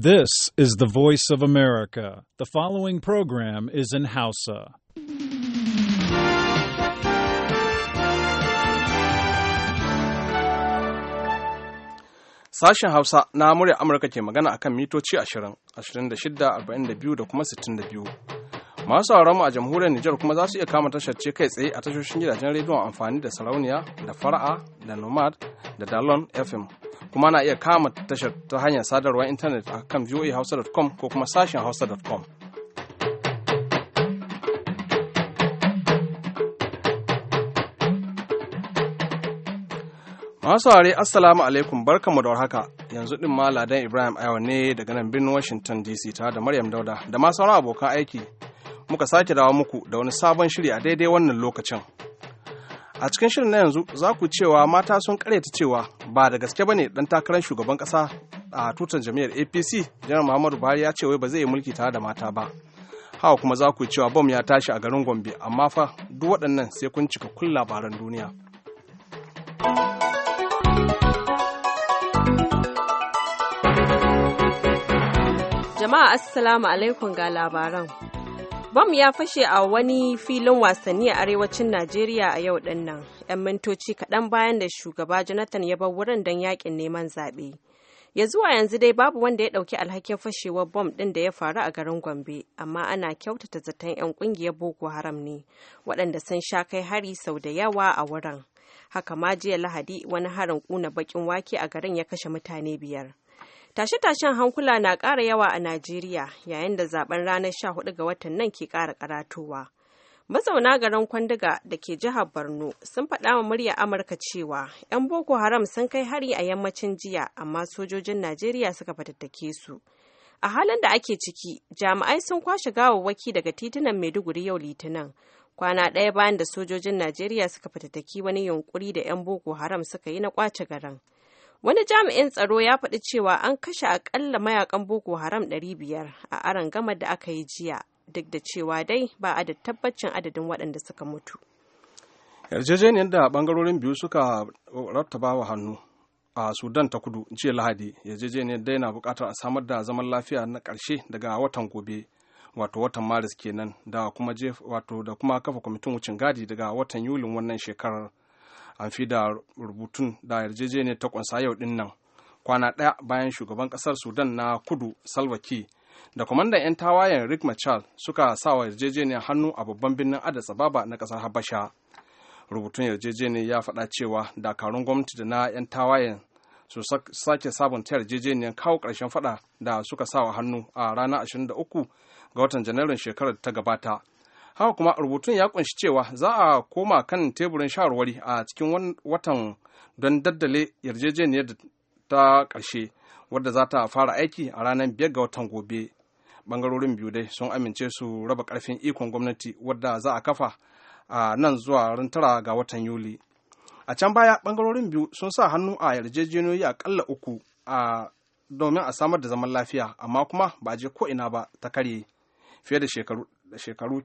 This is the voice of America. The following program is in Hausa. Sashen Hausa na murya Amurka ke magana akan mitoci 20, 26, 42 da kuma 62. Masu sauraronmu a jamhuriyar Nijar kuma za su iya kama tashar ce kai tsaye a tashoshin gidajen rediyon amfani da sarauniya da fara'a da nomad da dalon FM kuma na iya kama tashar ta hanyar sadarwar intanet a kan voahausa.com ko kuma sashen hausa.com. Masu ware Assalamu alaikum barkamu da warhaka yanzu ɗin ma Ladan Ibrahim Aiwa ne daga nan birnin Washington DC tare da Maryam Dauda da ma sauran abokan aiki muka sake dawo muku da wani sabon shiri a daidai wannan lokacin. A cikin shirin na yanzu za ku cewa mata sun karyata cewa ba da gaske bane dan takarar shugaban kasa a tutar jami'ar apc janar muhammadu buhari ya ce wai ba zai yi mulki tare da mata ba hawa kuma za ku cewa bom ya tashi a garin gombe amma fa duk waɗannan sai kun cika kun labaran duniya jama'a assalamu alaikum ga labaran Bam ya fashe a wani filin wasanni a arewacin Najeriya a yau din nan, 'yan mintoci kaɗan bayan da shugaba Jonathan ya bar wurin don yakin neman zaɓe. Ya zuwa yanzu dai babu wanda ya ɗauki alhakin fashewar bom ɗin da ya faru a garin Gombe, amma ana kyautata zaton 'yan ƙungiyar Boko Haram ne, waɗanda sun sha kai hari sau da yawa a wurin. Haka ma jiya Lahadi wani harin ƙuna baƙin wake a garin ya kashe mutane biyar. Tashe-tashen hankula na ƙara yawa a Najeriya yayin da zaben ranar 14 ga watan nan ke ƙara karatowa. Mazauna garin Kwandiga da ke jihar Borno sun faɗa wa murya Amurka cewa 'yan Boko Haram sun kai hari a yammacin jiya amma sojojin Najeriya suka fatattake su. A halin da ake ciki, jami'ai sun kwashe gawawwaki daga titunan Maiduguri yau Litinin. Kwana ɗaya bayan da sojojin Najeriya suka fatattaki wani yunkuri da 'yan Boko Haram suka yi na kwace garin. Wani jami'in tsaro ya faɗi cewa an kashe akalla mayakan Boko Haram 500 a aron gama da aka yi jiya, duk da cewa dai ba a da tabbacin adadin waɗanda suka mutu. Yarjejeniyar da bangarorin biyu suka rattaba wa hannu a Sudan ta kudu jiya Lahadi, yarjejeniyar dai na buƙatar a samar da zaman lafiya na ƙarshe daga watan gobe, wato watan Maris kenan, da kuma wato da kuma kafa kwamitin wucin gadi daga watan Yulin wannan shekarar. an fi da rubutun da yarjejeniyar ta kunsa yau din kwana ɗaya bayan shugaban ƙasar sudan na kudu salva da kwamandan 'yan tawayen rick machal suka sa wa yarjejeniyar hannu a babban birnin adas ababa na ƙasar habasha rubutun yarjejeniyar ya faɗa cewa dakarun gwamnati da na 'yan tawayen su sake sabunta yarjejeniyar kawo ƙarshen faɗa da suka sa wa hannu a ranar 23 ga watan janairun shekarar ta gabata haka kuma rubutun ya kunshi cewa za a koma kan teburin shawarwari a cikin watan don daddale yarjejeniyar da ta ƙarshe wadda za ta fara aiki a ranar biyar ga watan gobe bangarorin biyu dai sun amince su raba karfin ikon gwamnati wadda za a kafa a nan zuwa ran tara ga watan yuli a can baya bangarorin biyu sun sa hannu a yarjejeniyoyi kalla uku a domin a samar da zaman lafiya amma kuma ba a je ko ina ba ta karye fiye da shekaru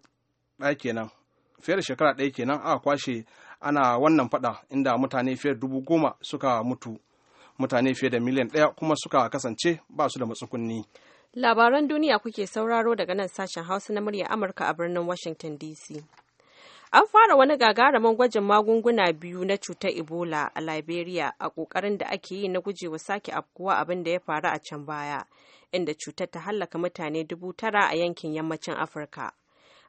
ɗaya kenan fiye da shekara ɗaya kenan aka kwashe ana wannan fada inda mutane fiye da dubu goma suka mutu mutane fiye da miliyan ɗaya kuma suka kasance ba su da matsukunni labaran duniya kuke sauraro daga nan sashen hausa na murya amurka a birnin washington dc an fara wani gagaraman gwajin magunguna biyu na cutar ebola a liberia a kokarin da ake yi na gujewa sake afkuwa abin da ya faru a can baya inda cutar ta hallaka mutane dubu tara a yankin yammacin afirka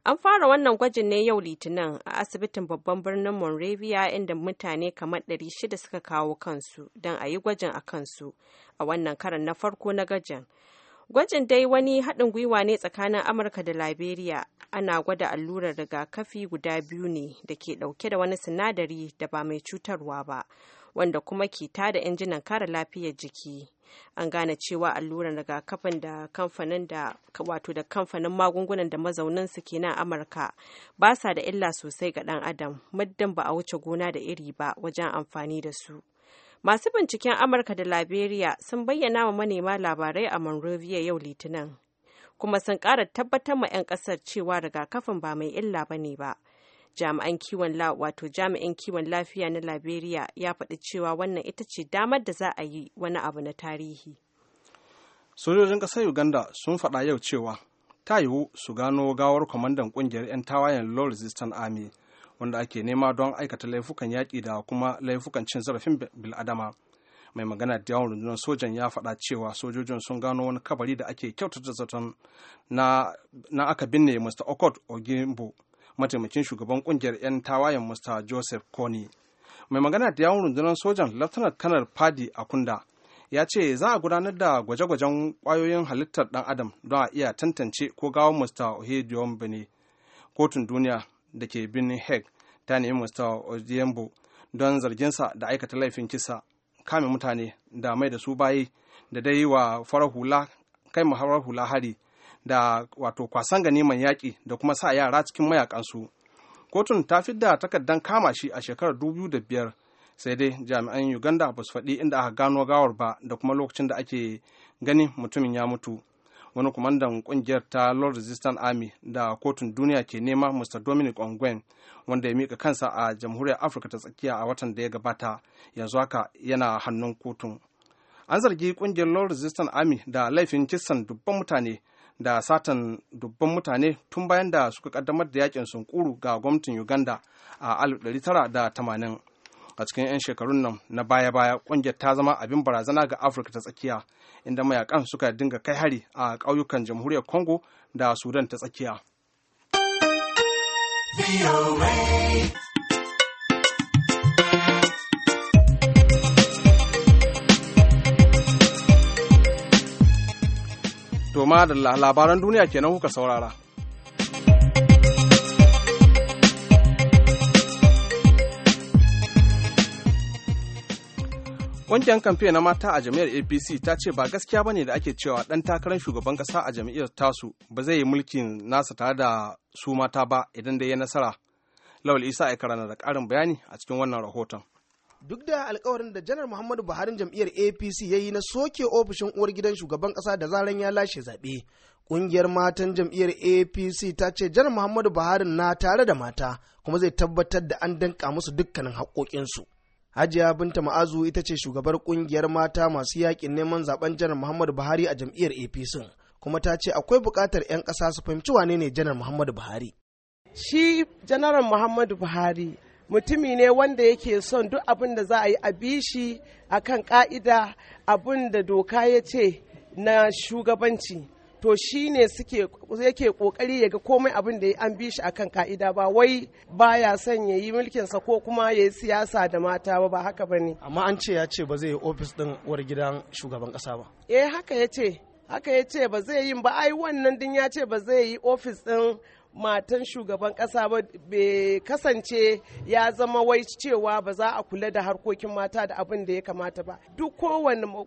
An fara wannan gwajin ne yau Litinin a asibitin babban birnin Monrovia inda mutane kamar ɗari shida suka kawo kansu don a yi gwajin a kansu a wannan karan na farko na gajin. Gwajin dai wani haɗin gwiwa ne tsakanin Amurka da Liberia ana gwada allurar rigakafi guda biyu ne da ke ɗauke da wani sinadari da ba mai cutarwa ba. wanda kuma ke tada injinan kare lafiyar jiki an gane cewa alluran rigakafin da kamfanin da wato da kamfanin magungunan da mazaunin su ke nan amurka ba sa da illa sosai ga dan adam muddin ba a wuce gona da iri ba wajen amfani da su masu binciken amurka da liberia sun bayyana wa manema labarai a monrovia yau litinin kuma sun ƙara tabbatar ma 'yan ƙasar cewa rigakafin ba mai illa ba ne ba jami'an kiwon wato jami'in kiwon lafiya na liberia ya faɗi cewa wannan ita ce damar da za a yi wani abu na tarihi sojojin ƙasar uganda sun faɗa yau cewa ta yiwu su gano gawar kwamandan ƙungiyar 'yan tawayen law resistance army wanda ake nema don aikata laifukan yaƙi da kuma laifukan cin zarafin biladama mai magana da yawon rundunar sojan ya faɗa cewa sojojin sun gano wani kabari da ake kyautata zaton na aka binne mr okot ogimbo mataimakin shugaban kungiyar 'yan tawayen mr joseph kony mai magana da yawon rundunar sojan lieutenant kanar fadi akunda ya ce za a gudanar da gwaje-gwajen kwayoyin halittar dan adam don a iya tantance ko gawon mr ohedion bene kotun duniya da ke birnin hague ta nemi mr odiembo don zarginsa da aikata laifin kisa kame mutane da mai da su baye da dai wa farar hula kai mahawar hula hari da wato kwasan ganiman yaƙi da kuma sa yara cikin mayakansu kotun ta fi da takardar kama shi a shekarar dubu da biyar sai dai jami'an uganda ba su faɗi inda aka gano gawar ba da kuma lokacin da ake ganin mutumin ya mutu wani kwamandan ƙungiyar ta lord resistance army da kotun duniya ke nema mr dominic ongwen wanda ya mika kansa a jamhuriyar afirka ta tsakiya a watan da ya gabata yanzu haka yana hannun kotun an zargi ƙungiyar lord resistance army da laifin kisan dubban mutane da satan dubban mutane tun bayan da suka kaddamar da yakin sunkuru ga gwamnatin Uganda a 1980. A cikin 'yan shekarun nan na baya-baya kungiyar ta zama abin barazana ga Afirka ta tsakiya, inda mayakan suka dinga kai hari a ƙauyukan jamhuriyar Congo da Sudan ta tsakiya. ma da labaran duniya kenan kuka saurara. Ƙungiyar kamfe na mata a jami'ar APC ta ce ba gaskiya ne da ake cewa ɗan takarar shugaban ƙasa a jami'ar tasu ba zai yi mulkin nasa tare da su mata ba idan da ya nasara. Lawal Isa aikara na da ƙarin bayani a cikin wannan rahoton. duk da alkawarin da janar muhammadu buhari jam'iyyar apc ya yi na soke ofishin uwar gidan shugaban kasa da zaran ya lashe zaɓe ƙungiyar matan jam'iyyar apc ta ce janar muhammadu buhari na tare da mata kuma zai tabbatar da an danka musu dukkanin haƙoƙinsu hajiya binta ma'azu ita ce shugabar ƙungiyar mata masu yaƙin neman zaɓen janar muhammadu buhari a jam'iyyar apc kuma ta ce akwai buƙatar 'yan ƙasa su fahimci wane ne janar muhammadu buhari shi janar muhammadu buhari mutumi ne wanda yake son duk abin da za a yi a bishi a kan ka'ida abin da doka ya ce na shugabanci to shi ne yake kokari ya ga komai abin da an bishi a kan ka'ida ba wai baya son ya yi mulkinsa ko kuma ya yi siyasa da mata ba ba haka ba ne amma an ce ya ce ba zai yi ofis ɗin war gidan shugaban kasa ba eh haka ya ce haka ya ce ba zai yi ba ai wannan din ya ce ba zai yi ofis ɗin matan shugaban kasa ba kasance ya zama wai cewa ba za a kula da harkokin mata da abin da ya kamata ba duk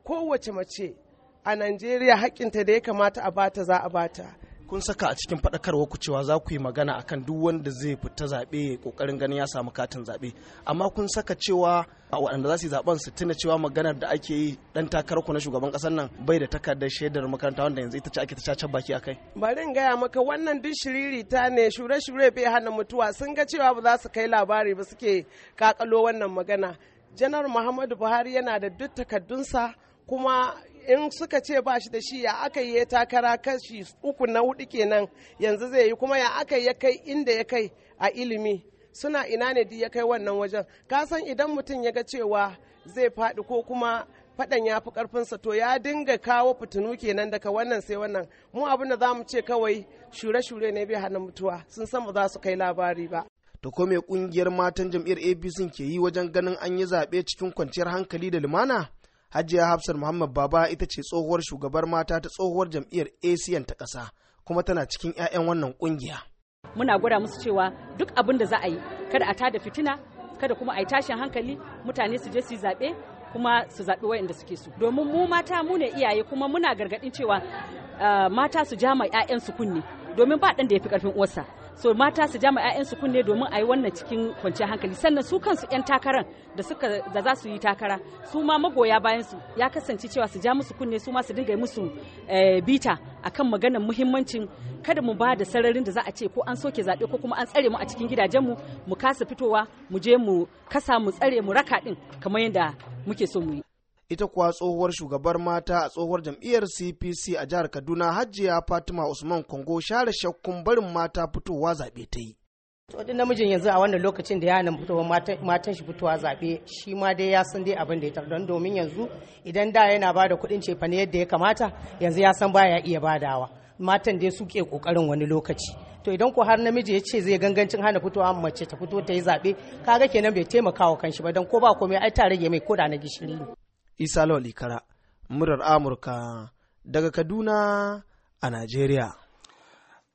kowace mace a najeriya hakinta da ya kamata a bata za a bata kun saka a cikin faɗakarwa ku cewa za ku yi magana akan duk wanda zai fita zaɓe kokarin ganin ya samu katin zaɓe amma kun saka cewa a waɗanda za su yi zaɓen su tuna cewa maganar da ake yi ɗan takarar ku na shugaban ƙasar nan bai da takardar shaidar makaranta wanda yanzu ita ce ake ta cacar baki a kai. bari in gaya maka wannan duk ta ne shure-shure bai hana mutuwa sun ga cewa ba za su kai labari ba suke kakalo wannan magana janar muhammadu buhari yana da duk takardunsa kuma in suka ce ba shi da shi ya aka yi takara kashi uku na hudu kenan yanzu zai yi kuma ya aka ya kai inda ya kai a ilimi suna ina ne ya kai wannan wajen kasan idan mutum ya ga cewa zai faɗi ko kuma faɗan ya fi ƙarfinsa to ya dinga kawo fitinu kenan daga wannan sai wannan mu abin da za mu ce kawai shure-shure ne bai hannun mutuwa sun san ba za su kai labari ba da ko me kungiyar matan jam'iyyar apc ke yi wajen ganin an yi zaɓe cikin kwanciyar hankali da lumana hajiya hafsar muhammad baba ita ce tsohuwar shugabar mata ta tsohuwar jam'iyyar asian ta ƙasa kuma tana cikin 'ya'yan wannan kungiya. muna gwada musu cewa duk abin da za a yi kada a tada fitina kada kuma a yi tashin hankali mutane su je su zaɓe kuma su zaɓi wayanda suke su domin mu mata mu ne iyaye kuma muna gargaɗin cewa eh, mata su jama 'ya'yansu kunne domin ba ɗan da ya fi ƙarfin uwarsa so mata su jama 'ya'yansu kunne domin a yi wannan cikin kwanciyar hankali sannan su kansu 'yan takaran da suka da za su yi takara su ma magoya bayan ya kasance cewa su ja musu kunne su ma su dinga musu eh, bita akan maganar muhimmancin kada mu ba da sararin da za a ce ko an soke zaɓe ko kuma an tsare mu a cikin gidajen mu mu kasa fitowa mu je mu kasa mu tsare mu raka din kamar yadda muke so mu yi ita kuwa tsohuwar shugabar mata a tsohuwar jam'iyyar cpc a jihar kaduna hajjiya fatima usman kongo share shakkun barin mata fitowa zaɓe ta yi to din namijin yanzu a wannan lokacin da yana fitowa matan shi fitowa zaɓe shi ma dai ya san dai abin da ya don domin yanzu idan da yana bada kuɗin cefane yadda ya kamata yanzu ya san baya iya badawa matan dai suke kokarin wani lokaci to idan ko har namiji ya ce zai gangancin hana fitowa mace ta fito ta yi zaɓe kaga kenan bai taimaka wa kanshi ba don ko ba komai ai ta rage mai koda na gishiri isa lawal Kara, murar amurka daga kaduna a najeriya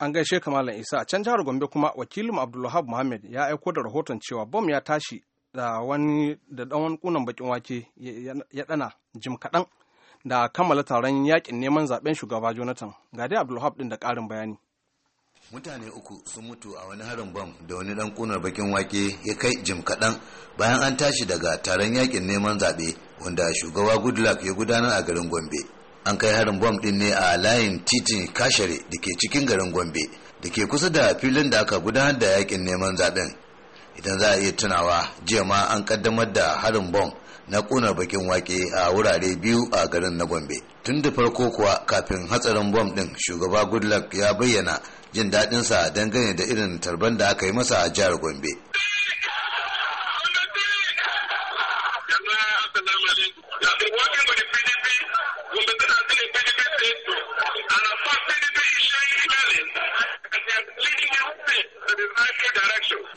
an gaishe kamalan isa a can jihar gombe kuma wakilin abdulwahab muhammad ya aiko da rahoton cewa bom ya tashi da wani da ɗan kunan bakin wake ya ɗana jim kaɗan da kammala taron yakin neman zaben shugaba jonathan ga dai abdulwahab ɗin da ƙarin bayani mutane uku sun mutu a wani harin bom da wani dan kunar bakin wake ya kai jim kaɗan bayan an tashi daga taron yakin neman zaɓe wanda shugaba goodluck ya gudanar a garin gombe an kai harin bom ɗin ne a layin titin kashare da ke cikin garin gombe da ke kusa da filin da aka gudanar da yakin neman zaɓen idan za a iya tunawa jiya ma an ƙaddamar da harin bom na kuna bakin wake a wurare biyu a garin na gombe tun da farko kuwa kafin hatsarin bom din shugaba goodluck ya bayyana jin daɗinsa dangane da irin tarban da aka yi masa a jihar gombe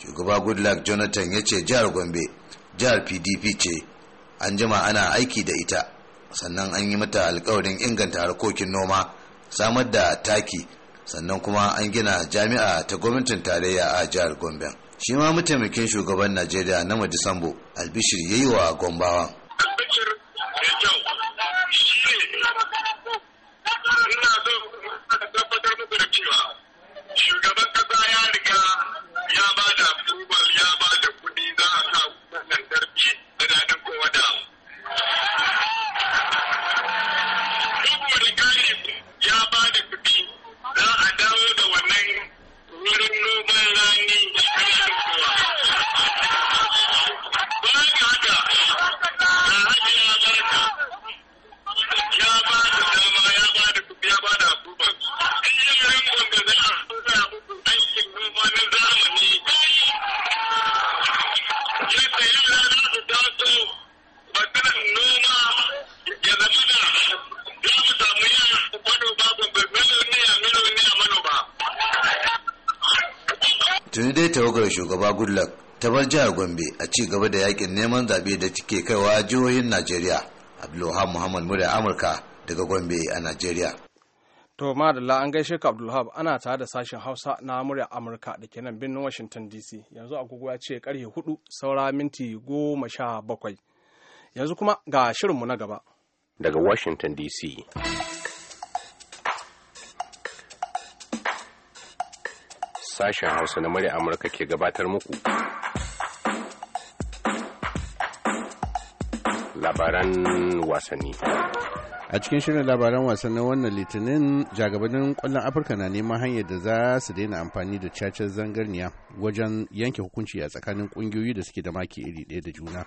shugaba goodluck jonathan ya ce jihar gombe jihar pdp ce an jima ana aiki da ita sannan an yi mata alkawarin inganta harkokin noma samar da taki sannan kuma an gina jami'a ta gwamnatin tarayya a jihar gombe shi ma mataimakin shugaban najeriya na madisambo albishir ya yi wa gombawa shugaban ƙasa ya riga ya ba da ya ba kuɗi za a sa lantarki shugaba goodluck ta bar jihar gombe a ci gaba da yakin neman zaɓe da take kaiwa jihohin najeriya abdulwahab muhammad murya amurka daga gombe a najeriya to madalla an gaishe ka abdulwahab ana tare da sashen hausa na murya amurka da ke nan birnin washington dc yanzu agogo ya ce karfe hudu saura minti goma sha bakwai yanzu kuma ga shirinmu na gaba daga washington dc sashen Hausa na murya Amurka ke gabatar muku. Labaran wasanni. A cikin shirin labaran wasannin wannan litinin jagabannin kwallon Afirka na neman hanyar da za su daina amfani da cacar zangarniya wajen yanke hukunci a tsakanin kungiyoyi da suke da maki iri ɗaya da juna.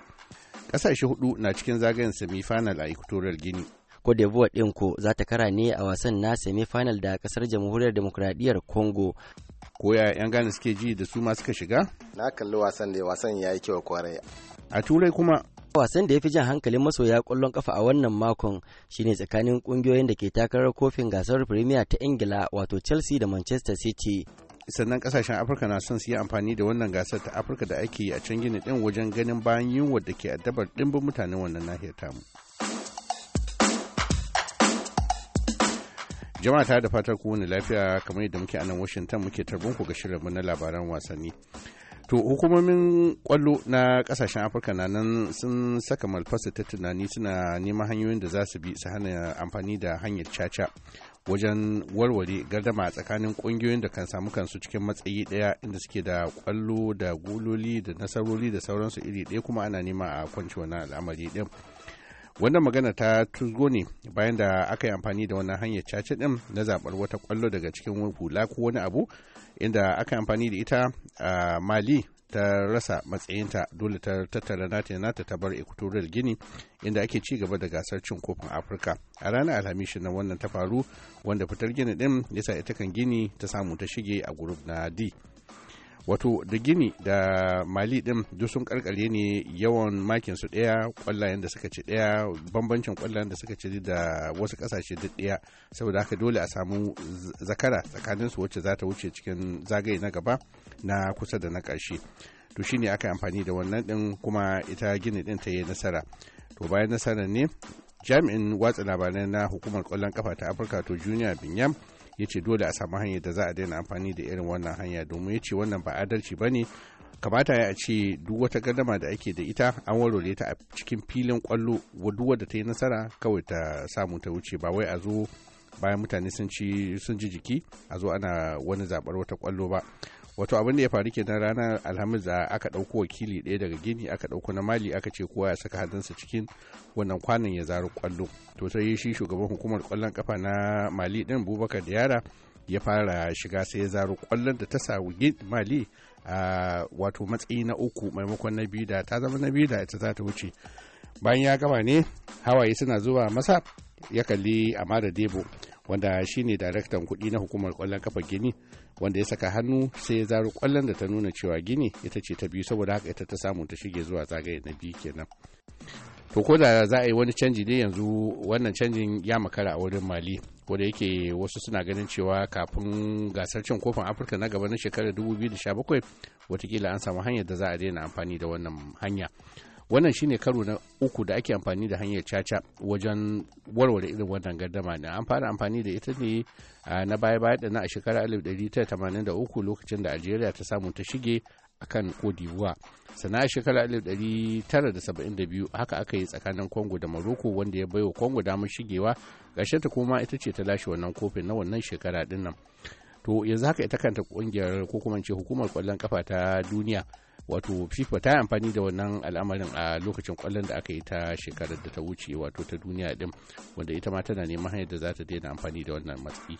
Ƙasashe hudu na cikin zagayen semifinal a Equatorial Guinea. Cote d'Ivoire ɗin ko za ta kara ne a wasan na semi-final da kasar jamhuriyar demokuraɗiyar Congo. Koya 'yan Ghana suke ji da su ma suka shiga? Na kalli wasan da wasan ya yi kyau kwarai. A Turai kuma wasan da ya fi jan hankalin masoya kwallon kafa a wannan makon shine tsakanin kungiyoyin da ke takarar kofin gasar premier ta ingila wato chelsea da manchester city sannan kasashen afirka na son su yi amfani da wannan gasar ta afirka da ake yi a can gini din wajen ganin bayan yunwa da ke addabar dimbin mutanen wannan nahiyar tamu jama'a ta da fatar kowane lafiya kamar yadda muke a nan washington muke tarbin ku ga shirinmu na labaran wasanni to hukumomin kwallo na kasashen afirka na nan sun saka malfasa ta tunani suna neman hanyoyin da za su bi su hana amfani da hanyar caca wajen warware gardama a tsakanin kungiyoyin da kan samu kansu cikin matsayi daya inda suke da kwallo da guloli da nasarori da sauransu iri daya kuma ana nema a kwanci wannan al'amari din wannan magana ta tuzgo ne bayan da aka yi amfani da wani hanyar caca din na zabar wata kwallo daga cikin hula ko wani abu inda aka yi amfani da ita a mali ta rasa matsayinta dole ta tattara nata nata ta bar equatorial gini inda ake ci gaba da gasar cin kofin afirka a ranar alhamis na wannan ta faru wanda fitar gini din yasa ita kan gini ta samu ta shige a group na d wato da gini da mali din duk sun karkare ne yawan makin su daya kwallayen da suka ci daya bambancin kwallayen da suka ci da wasu kasashe duk daya saboda haka dole a samu zakara tsakanin su wacce za ta wuce cikin zagaye na gaba na kusa da na karshe to shine aka yi amfani da wannan din kuma ita gini din ta yi nasara to bayan nasarar ne jami'in watsa labarai na hukumar kwallon kafa ta afirka to junior binyam ya ce dole a samu hanyar da za a daina amfani da irin wannan hanya domin ya ce wannan ba adalci ba ne kamata ya ce duk wata gardama da ake da ita an warware ta a cikin filin kwallo duk wadda ta yi nasara kawai ta samu ta wuce ba wai a zo bayan mutane sun ci ji jiki a zo ana wani zabar wata kwallo ba wato abin da ya faru kenan ranar alhamis da aka ɗauko wakili ɗaya daga gini aka ɗauko na mali aka ce kowa ya saka hannunsa cikin wannan kwanan ya zaro kwallo to sai shi shugaban hukumar kwallon kafa na mali ɗin bubakar yara ya fara shiga sai ya zaro kwallon da ta samu mali a wato matsayi na uku maimakon na biyu da ta zama na biyu da ita za ta wuce bayan ya gama ne hawaye suna zuwa masa ya kalli amara debo wanda shine daraktan kudi na hukumar kwallon kafa gini wanda ya saka hannu sai ya zaro kwallon da ta nuna cewa gini ita ce ta biyu saboda haka ita ta samu ta shige zuwa zagaye na biyu kenan to ko da za a yi wani canji dai yanzu wannan canjin ya makara a wurin mali ko da yake wasu suna ganin cewa kafin gasar cin kofin afirka na gaba na shekarar 2017 watakila an samu hanyar da za a daina amfani da wannan hanya wannan shine karo na uku da ake amfani da hanyar caca wajen warware irin wannan gardama ne an fara amfani da ita ne na baya baya da na a shekara 1983 lokacin da algeria ta samu ta shige akan Cote d'Ivoire. Sana shekarar 1972 haka aka yi tsakanin Congo da Morocco wanda ya baiwa Congo damar shigewa ƙarshe ta kuma ita ce ta lashe wannan kofin na wannan shekara dinnan To yanzu haka ita kanta kungiyar ko kuma ce hukumar kwallon kafa ta duniya wato fifa ta yi amfani da wannan al'amarin a lokacin kwallon da aka yi ta shekarar da ta wuce wato ta duniya din wanda ita ma tana neman hanyar da za ta daina amfani da wannan matsayi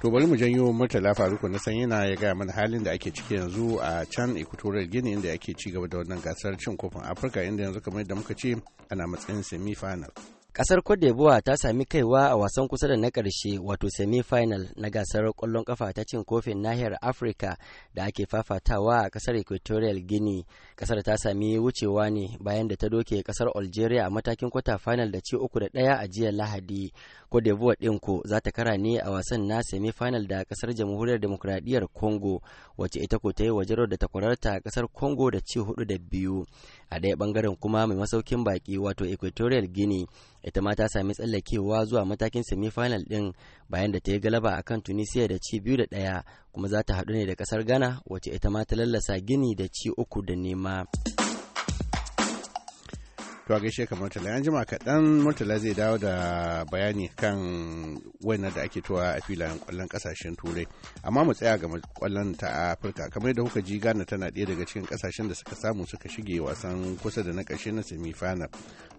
to bari mu janyo murtala faruku na san yana ya gaya mana halin da ake ciki yanzu a can equatorial gini inda ake ci gaba da wannan gasar cin kofin afirka inda yanzu kamar yadda muka ce ana matsayin semi final kasar Cote d'Ivoire ta sami kaiwa a wasan kusa da na ƙarshe wato semi-final na gasar ƙwallon ƙafa ta cin kofin nahiyar Afirka da ake fafatawa a ƙasar Equatorial Guinea. kasar ta sami wucewa ne bayan da ta doke ƙasar Algeria a matakin kwata final da ci uku da ɗaya a jiya Lahadi. Cote d'Ivoire ɗin ko za ta kara ne a wasan na semi-final da kasar jamhuriyar demokradiyyar Congo wace ita ko ta yi wajarar da takwararta kasar Congo da ci hudu da biyu. A daya bangaren kuma mai masaukin baki wato Equatorial Guinea ita ma ta sami tsallakewa zuwa matakin semi-final ɗin bayan da ta yi galaba akan Tunisia da ci biyu da ɗaya kuma za ta haɗu ne da kasar Ghana wace ita ma ta lallasa Guinea da ci uku da nema. to a gaishe ka murtala an jima kaɗan murtala zai dawo da bayani kan wannan da ake towa a filayen kwallon kasashen turai amma mu tsaya ga kwallon ta afirka kamar yadda kuka ji gana tana ɗaya daga cikin kasashen da suka samu suka shige wasan kusa da na ƙarshe na semifinal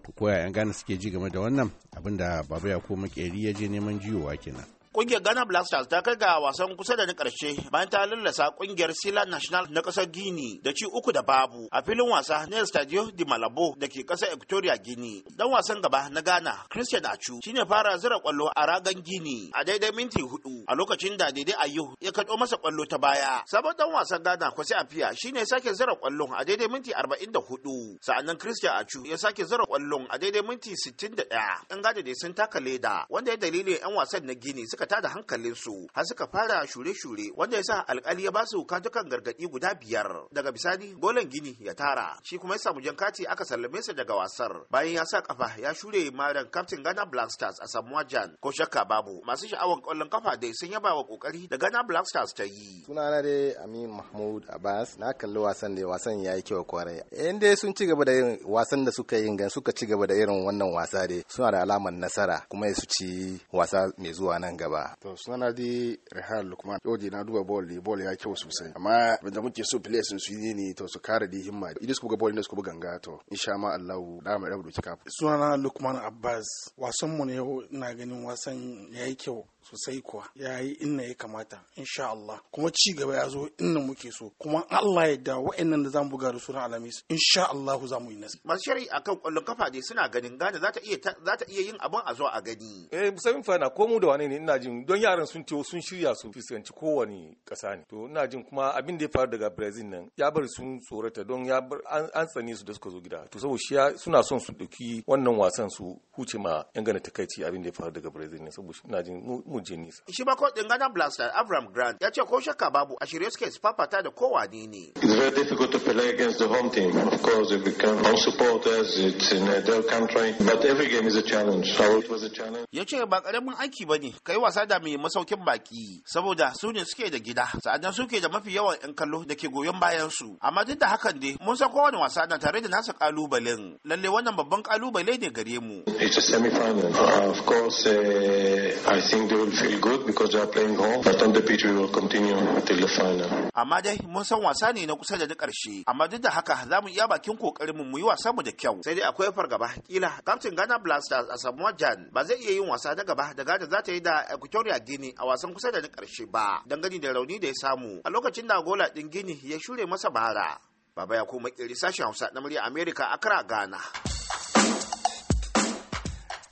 to koya 'yan gana suke ji game da wannan abinda babu ya ko makeri ya je neman jiyowa kenan Kungiyar Ghana blasters ta kai ga wasan kusa da na karshe bayan ta lallasa kungiyar Sila National na kasar Gini da ci uku da babu a filin wasa na Stadio di Malabo da ke ƙasar Equatoria Gini. Dan wasan gaba na Ghana Christian Achu shine fara zira kwallo a ragan Gini a daidai minti hudu a lokacin da daidai Ayu ya kaɗo masa kwallo ta baya. Sabon dan wasan Ghana Kwasi shi shine sake zira kwallo a daidai minti arba'in da hudu sa'annan Christian Achu ya sake zira kwallo a daidai minti sittin ɗaya ɗan gada da sun taka leda wanda ya dalilin 'yan wasan na Gini suka tada hankalinsu har suka fara shure-shure wanda ya sa alkali ya basu su katukan gargadi guda biyar daga bisani golan gini ya tara shi kuma ya samu jan kati aka sallame sa daga wasar bayan ya sa kafa ya shure maran kaftin Ghana Black Stars a Samuwa Jan ko shakka babu masu sha'awar kwallon kafa dai sun yaba wa kokari da Ghana Black Stars ta yi sunana dai Amin Mahmud Abbas na kalli wasan da wasan ya yi kyau kwarai in dai sun ci gaba da yin wasan da suka yi gan suka ci gaba da irin wannan wasa dai suna da alamar nasara kuma su ci wasa mai zuwa nan gaba gaba. To sunana di Rehan Lukman yau na duba ball ne ball ya kyau sosai amma abin da muke so players sun su ne to su kare di himma idan suka buga ball ne suka buga ganga to insha ma Allah da mu rabu doki kafu. Sunana Lukman Abbas wasan mu ne na ganin wasan yayi kyau sosai kuwa ya yi inna ya kamata insha Allah kuma ci gaba ya zo inna muke so kuma Allah ya da wa'annan da zamu buga da sunan alamis insha Allah za mu yi nasi masu shari akan kwallon kafa dai suna ganin Gane za ta iya za ta iya yin abin a zo a gani eh musamman fa na komo da wani ne ina jin don yaran sun tiyo sun shirya su fuskanci kowane kasa ne to ina jin kuma abin da ya faru daga Brazil nan ya bar sun tsorata don ya bar an tsane su da suka zo gida to saboda suna son su dauki wannan wasan su huce ma yan takaici abin da ya faru daga Brazil ne saboda ina jin mu mu je nisa shi ma kodin Ghana Blaster Abraham Grant ya ce ko shakka babu a shirye suke su fafata da kowa ne ne It's very difficult to play against the home team of course if we can all support us it's in their country but every game is a challenge so it was a challenge ya ce ba karamin aiki ba ne kai wasa da mai masaukin baki saboda su ne suke da gida sa'adan suke da mafi yawan yan kallo da ke goyon bayan su amma duk da hakan dai mun san kowane wasa na tare da nasa kalubalen lalle wannan babban kalubale ne gare mu it's a semi final of course eh, i think the will feel good because they are playing home, but on the pitch we will continue until the final. Amma dai mun san wasa ne na kusa da na karshe amma duk da haka za mu iya bakin kokarin mu yi wasa mu da kyau. Sai dai akwai fargaba kila captain Ghana Blasters a Samuwa Jan ba zai iya yin wasa na gaba da Ghana za ta yi da Equatorial Guinea a wasan kusa da na karshe ba, dangane da rauni da ya samu. A lokacin da gola ɗin Guinea ya shure masa bara. Baba ya koma kiri sashen Hausa na murya Amerika Accra, Ghana.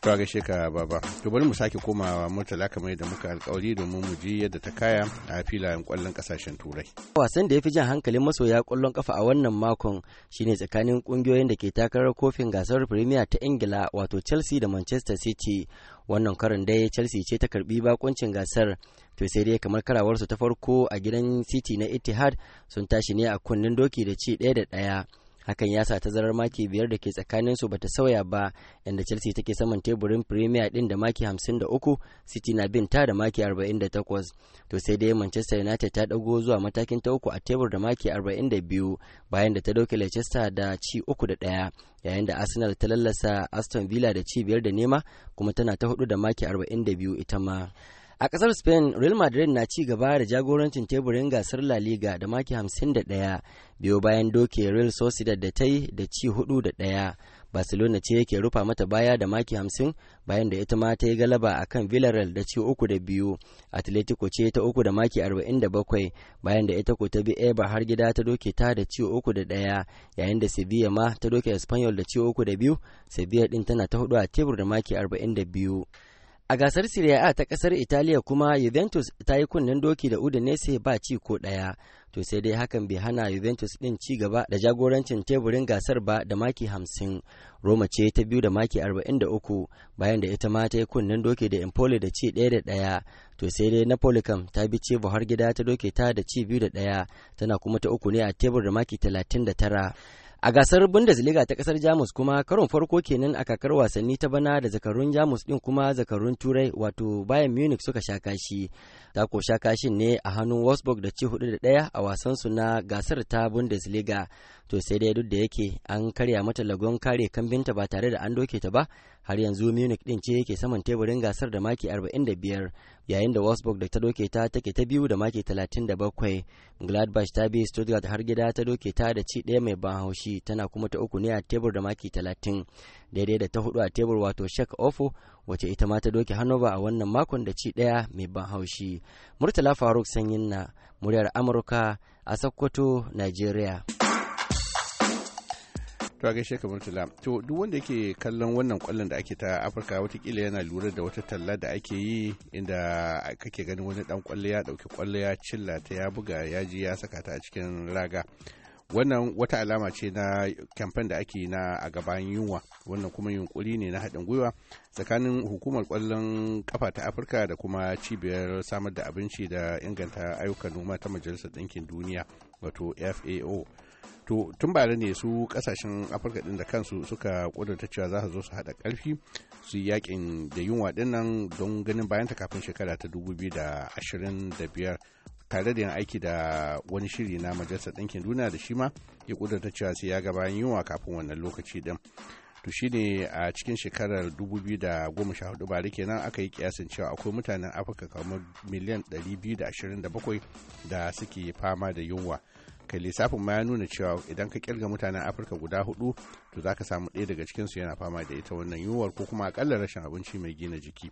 ta gaishe ka baba to bari mu sake komawa murtala kamar yadda muka alkawari domin mu ji yadda ta kaya a filayen kwallon kasashen turai wasan da ya fi jan hankalin masoya kwallon kafa a wannan makon shine tsakanin kungiyoyin da ke takarar kofin gasar premier ta ingila wato chelsea da manchester city wannan karin dai chelsea ce ta karbi bakuncin gasar to sai dai kamar karawarsu ta farko a gidan city na etihad sun tashi ne a kunnen doki da ci ɗaya da ɗaya hakan ya sa tazarar maki biyar da ke tsakanin su bata sauya ba inda chelsea take saman teburin premier din da maki 53 city na bin ta da maki arba'in da 48 to sai dai manchester united ta dago zuwa matakin ta uku a tebur da maki 42 bayan da ta dauke leicester da ci uku da ɗaya yayin da arsenal ta lallasa aston villa da ci biyar da nema kuma tana ta hudu da maki 42 ita ma A ƙasar Spain, Real Madrid na ci gaba da jagorancin teburin gasar La Liga da maki 51 biyo bayan doke Real Sociedad da ta yi da ci 4 da 1. Barcelona ce yake rufa mata baya da maki 50 bayan da ita ma ta yi galaba a kan Villarreal da ci 3 da 2. Atletico ce ta 3 da maki 47 bayan da ita ko ta bi Eba har gida ta doke ta da ci 3 da 1 yayin da Sevilla ma ta doke Espanyol da ci 3 da 2. Sevilla din tana ta hudu a tebur da maki 42. A gasar Serie A ta ƙasar Italiya kuma Juventus ta yi kunnen doki da Udinese ba ci ko ɗaya, to sai dai hakan bai hana Juventus ɗin ci gaba da jagorancin teburin gasar ba da maki hamsin. Roma ce ta biyu da maki arba'in da uku bayan da ita ma ta yi kunnen doki da Empoli da ci ɗaya da ɗaya, to sai dai Napoli kam ta bi ce har gida ta doke ta da ci biyu da ɗaya, tana kuma ta uku ne a tebur da maki talatin da tara. A gasar Bundesliga ta kasar Jamus kuma karon farko kenan a kakar wasanni ta bana da zakarun Jamus din kuma zakarun Turai wato bayan Munich suka sha kashi. Ta ko sha kashin ne a hannun Wolfsburg da ci hudu da ɗaya a wasan su na gasar ta Bundesliga. To sai dai duk da yake an karya mata lagon kare kambinta ba tare da an doke ta ba, har yanzu munich din ce yake saman teburin gasar da maki 45 yayin da wolfsburg da ta doke ta take ta biyu da maki 37 gladbach ta bi stuttgart har gida ta doke ta da ci ɗaya mai ban haushi tana kuma ta uku ne a tebur da maki 30 daidai da ta hudu a tebur wato shek ofo wace ita ma ta doke hannover a wannan makon da ci daya mai ban haushi murtala faruk sanyin na muryar amurka a sokoto nigeria to a gaishe ka murtala to duk wanda yake kallon wannan kwallon da ake ta afirka watakila yana lura da wata talla da ake yi inda kake ganin wani dan kwallo ya dauki kwallo ya cilla ta ya buga ya ji ya saka ta a cikin raga wannan wata alama ce na kamfen da ake na a gaban yunwa wannan kuma yunkuri ne na haɗin gwiwa tsakanin hukumar kwallon kafa ta afirka da kuma cibiyar samar da abinci da inganta ayyukan noma ta majalisar ɗinkin duniya wato fao to tun bara ne su kasashen afirka din da kansu suka kudurta cewa za su zo su hada karfi su yakin da yunwa din nan don ganin bayan ta kafin shekara ta 2025 tare da yin aiki da wani shiri na majalisar ɗinkin duniya da shi ma ya kudurta cewa sai ya gaba yunwa kafin wannan lokaci din to shine a cikin shekarar 2014 bare kenan aka yi kiyasin cewa akwai mutanen afirka kamar miliyan 227 da suke fama da yunwa kai lissafin ma ya nuna cewa idan ka kirga mutanen afirka guda hudu to za ka samu ɗaya daga cikinsu yana fama da ita wannan yunwar ko kuma akalla rashin abinci mai gina jiki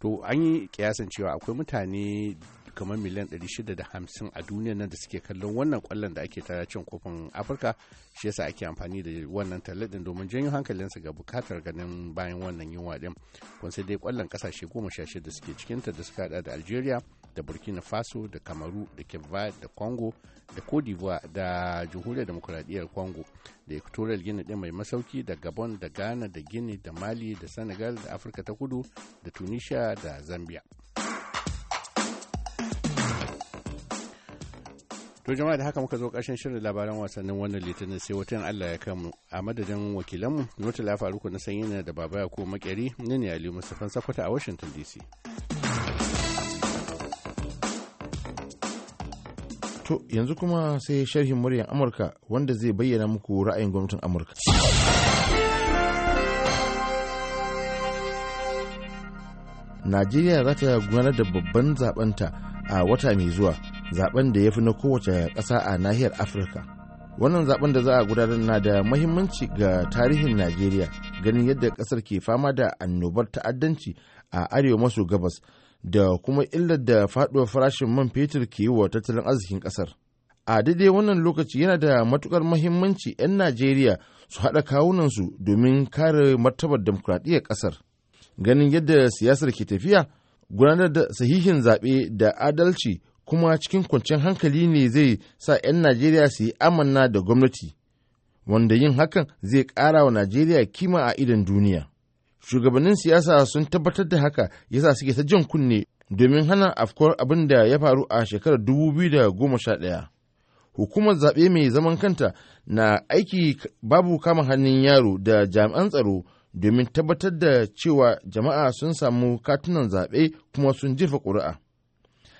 to an yi kiyasan cewa akwai mutane kamar miliyan 650 a duniya nan da suke kallon wannan kwallon da ake tara cin kofin afirka shi yasa ake amfani da wannan talladin domin janyo hankalinsu ga bukatar ganin bayan wannan yunwa din kun sai dai kwallon kasashe goma sha shida suke cikinta da suka hada da algeria da burkina faso da kamaru da kebba da congo da cote d'ivoire da jamhuriyar demokuraɗiyyar congo da equatorial guinea ɗin mai masauki da gabon da ghana da guinea da mali da senegal da afirka ta kudu da tunisia da zambia To jama'a da haka muka zo ƙarshen shirin labaran wasannin wannan litinin sai yin Allah ya kamu a madadin wakilanmu Nurtala Faruku na sanyi da babaya ko Makeri ne ne Aliyu Mustapha Sakwata a Washington DC. To yanzu kuma sai sharhin muryar Amurka wanda zai bayyana muku ra'ayin gwamnatin Amurka. Najeriya za ta gudanar da babban zabenta a wata mai zuwa, zaben da ya fi na kowace ƙasa a nahiyar Afirka. Wannan zaben da za a gudanar na da mahimmanci ga tarihin Najeriya, ganin yadda ƙasar ke fama da annobar ta'addanci a arewa maso gabas da kuma illar da faduwar farashin man fetur ke yi wa tattalin arzikin kasar. A daidai wannan lokaci yana da matukar mahimmanci 'yan Najeriya su haɗa kawunansu domin kare martabar demokuraɗiyyar ƙasar. Ganin yadda siyasar ke tafiya, gudanar da sahihin zaɓe da adalci kuma cikin kwanciyar hankali ne zai sa 'yan Najeriya su yi amanna da gwamnati, wanda yin hakan zai ƙara wa Najeriya kima a idon duniya. shugabannin siyasa sun tabbatar da haka yasa suke ta jan kunne domin hana afkuwar abin da ya faru a shekarar dubu biyu da goma sha ɗaya. hukumar zaɓe mai zaman kanta na aiki babu kama hannun yaro da jami'an tsaro domin tabbatar da cewa jama'a sun samu katunan zaɓe kuma sun jefa ƙuri'a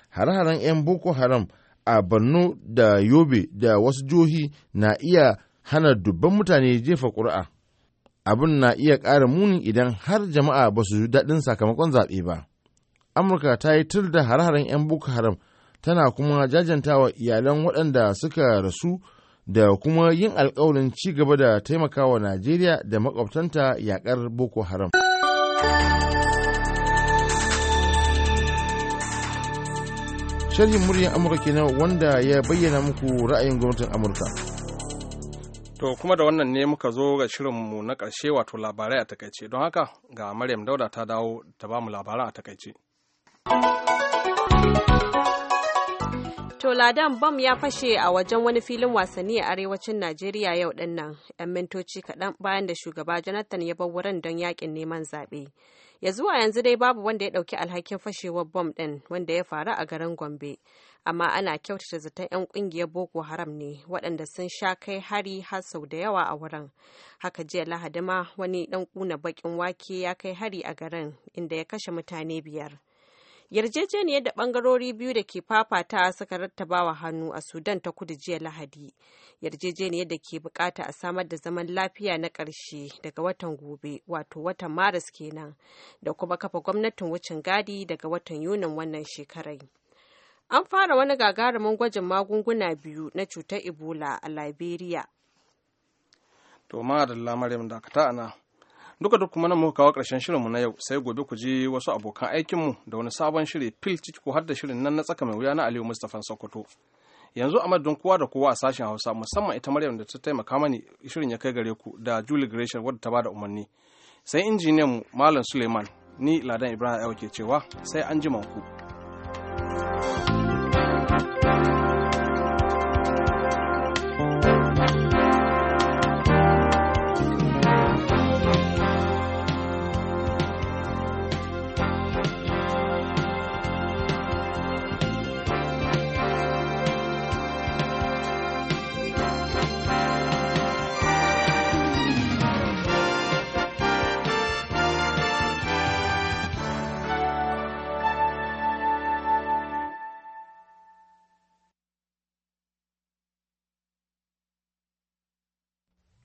hare-haren 'yan boko haram a borno da yobe da wasu jihohi na iya hana dubban mutane jefa ƙuri'a. abin na iya ƙara muni idan har jama'a ba su ji daɗin sakamakon zaɓe ba. Amurka ta yi tur da har-haren 'yan Boko Haram tana kuma jajantawa iyalan waɗanda suka rasu da kuma yin alkawarin ci gaba da taimakawa Najeriya da makwabtanta yaƙar Boko Haram. Sharhin muryar Amurka kenan wanda ya bayyana muku ra'ayin gwamnatin Amurka. To kuma da wannan ne muka zo ga shirinmu na ƙarshe wato labarai a takaice don haka ga Maryam Dauda ta dawo ta bamu labaran a takaice. To Ladan Bam ya fashe a wajen wani filin wasanni a arewacin Najeriya yau ɗin nan, 'yan mintoci kaɗan bayan da shugaba Jonathan ya bar wurin don yakin neman zaɓe. Ya zuwa yanzu dai babu wanda ya ɗauki alhakin fashewar bom ɗin wanda ya faru a garin Gombe. amma ana kyautata zaton 'yan kungiyar boko haram ne waɗanda sun sha kai hari har sau da yawa a wurin haka jiya lahadi ma wani ɗan kuna bakin wake ya kai hari a garin inda ya kashe mutane biyar yarjejeniyar da bangarori biyu da ke fafata suka rattabawa hannu a sudan ta kudu jiya lahadi yarjejeniyar da ke bukata a samar da zaman lafiya na ƙarshe daga watan gobe wato watan maris kenan da kuma kafa gwamnatin wucin gadi daga watan yunin wannan shekarai An fara wani gagarumin gwajin magunguna biyu na cutar Ebola a Liberia. To ma da lamarin da ka ana. Duka duk kuma nan muka kawo karshen shirinmu na yau sai gobe ku je wasu abokan aikinmu da wani sabon shiri fil ciki ko har da shirin nan na tsaka mai wuya na Aliyu Mustapha Sokoto. yanzu a madadin kowa da kowa a sashen hausa musamman ita maryam da ta taimaka mani shirin ya kai gare ku da juli gresham wadda ta bada umarni sai injiniyan mu malam suleiman ni ladan ibrahim ke cewa sai an ku.